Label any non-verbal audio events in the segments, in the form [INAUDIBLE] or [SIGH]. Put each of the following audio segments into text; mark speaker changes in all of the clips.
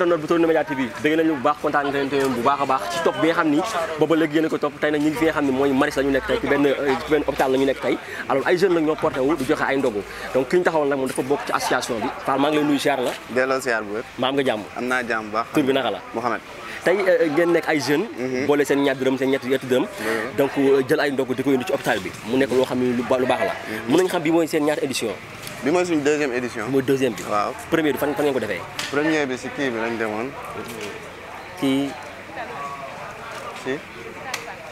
Speaker 1: internet bu Torino Media TV dégg nañu bu baax kontaan nañ leen bu baax a baax ci topp bi nga xam ni booba léegi yéen ko topp tey nag ñi ngi fi nga xam ne mooy Maristes la nekk tey ci benn euh, ci benn nekk tey alors ay jeunes la ñoo porté wu joxe ay ndogu donc ki ñu taxawoon nag moom dafa bokk ci association bi Fall maa ngi lay nuyu ziar la delloo ziar bu wér maa am nga jàmm am naa jàmm bu baax tur bi naka la tey euh, ngeen nekk ay jeunes. Mhm. boole seen ñaar dërëm seen ñetti ñetti dërëm. Mhm. donc euh, jël ay ndog di ko yónni ci hôpital bi. mu nekk loo xam ne lu baax la. Mhm. mën nañu xam bi mooy seen ñaata édition. bi mooy suñu deuxième édition. mooy deuxième bi. waaw ko defee. première bi si kii kii. si.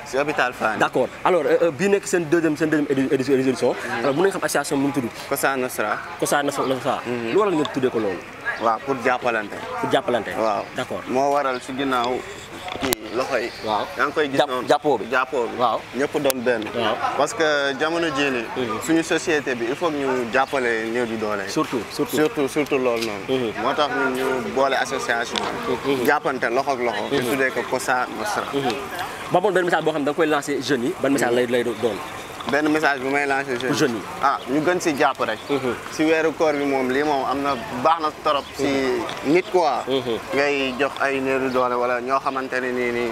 Speaker 1: si hôpital Fann. d' accord alors euh, bii nekk seen deuxième seen deuxième édition. alors mën nañu xam association bi nu mu tudd. Kosa Nostra. Kosa Nostra. lu waral ngeen tuddee ko loolu. waaw pour jàppalante. pour jàppalante. waaw d'
Speaker 2: moo waral si ginnaaw kii loxo yi. waaw yaa ngi koy gis jàppoo bi jàppoo waaw ñëpp doon benn. parce que jamono jii nii. Mm-hmm. suñu société bi il faut ñu jàppale néew di doole. surtout surtout surtout surtout loolu noonu. Mm-hmm. moo tax ñun ñu boole association bi. Mm-hmm. jàppante loxo ak loxo. ñu tuddee ko Cosa Nostra. ba amoon benn message boo xam ne da koy lancé jeunes yi. ban message lay lay doon. benn message bu may lancé jeunes yi ah ñu gën si jàpp rek mhm. si weeru koor bi moom lii moom am na baax na torop si mhm. nit quoi mhm. ngay jox ay néeru doole wala ñoo xamante ne nii nii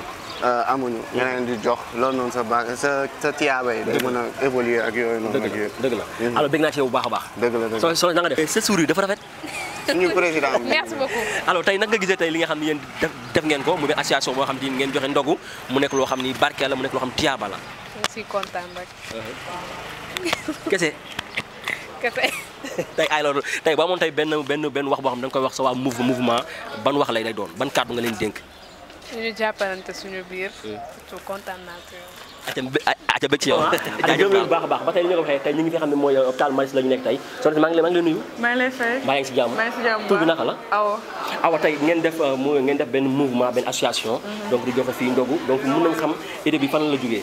Speaker 2: euh, amuñu nga leen di jox loolu noonu sa baax sa sa tiyaaba yi day mën a ak
Speaker 1: yooyu noonu dëgg la alors bëgg naa ci yow bu a baax dëgg la dëgg dafa rafet suñu président bi [LAUGHS] merci beaucoup. alors tey nag nga gise tey li nga xam ne yéen def def ngeen ko mu ne association boo xam ne ngeen joxe ndogu mu nekk loo xam ni barkeel la mu nekk loo xam ne tiyaaba la.
Speaker 3: je suis kontaan rek.
Speaker 1: Uh-huh. kese.
Speaker 3: [LAUGHS] tey
Speaker 1: [LAUGHS] tey ay loolu tey benn benn benn wax boo xam ne da nga koy wax sa waa mouvement ban wax lay lay doon ban kàddu nga leen dénk.
Speaker 3: ñu jàppalante suñu biir. surtout kontaan naa ci
Speaker 1: yow. aca bëgg ci yow. jaajëf ah, [LAUGHS] bu baax a baax ba tey li ñu ko waxee tey ñu ngi fi xam ne mooy hôpital euh, Maris la ñu nekk tey soxna si maa ngi lay nuyu. maa ngi lay si jàmm maa
Speaker 3: ngi si la. awo
Speaker 1: awa tey ngeen def euh, mu ngeen def benn mouvement benn association. Mhm. donc di joxe fii ndogu donc mën nañ xam idée bi fan la jógee.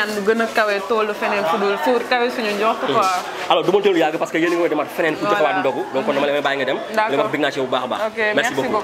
Speaker 3: ñaan lu gën a kawe toolu feneen fu dul fu kawe suñu
Speaker 1: njort mm. quoi alors du ma teel yàgg parce que yéen a ngi koy demaat feneen pour joxawaat ndogu donc kon dama leen bàyyi nga dem li wax big naa ci bu baax a merci beaucoup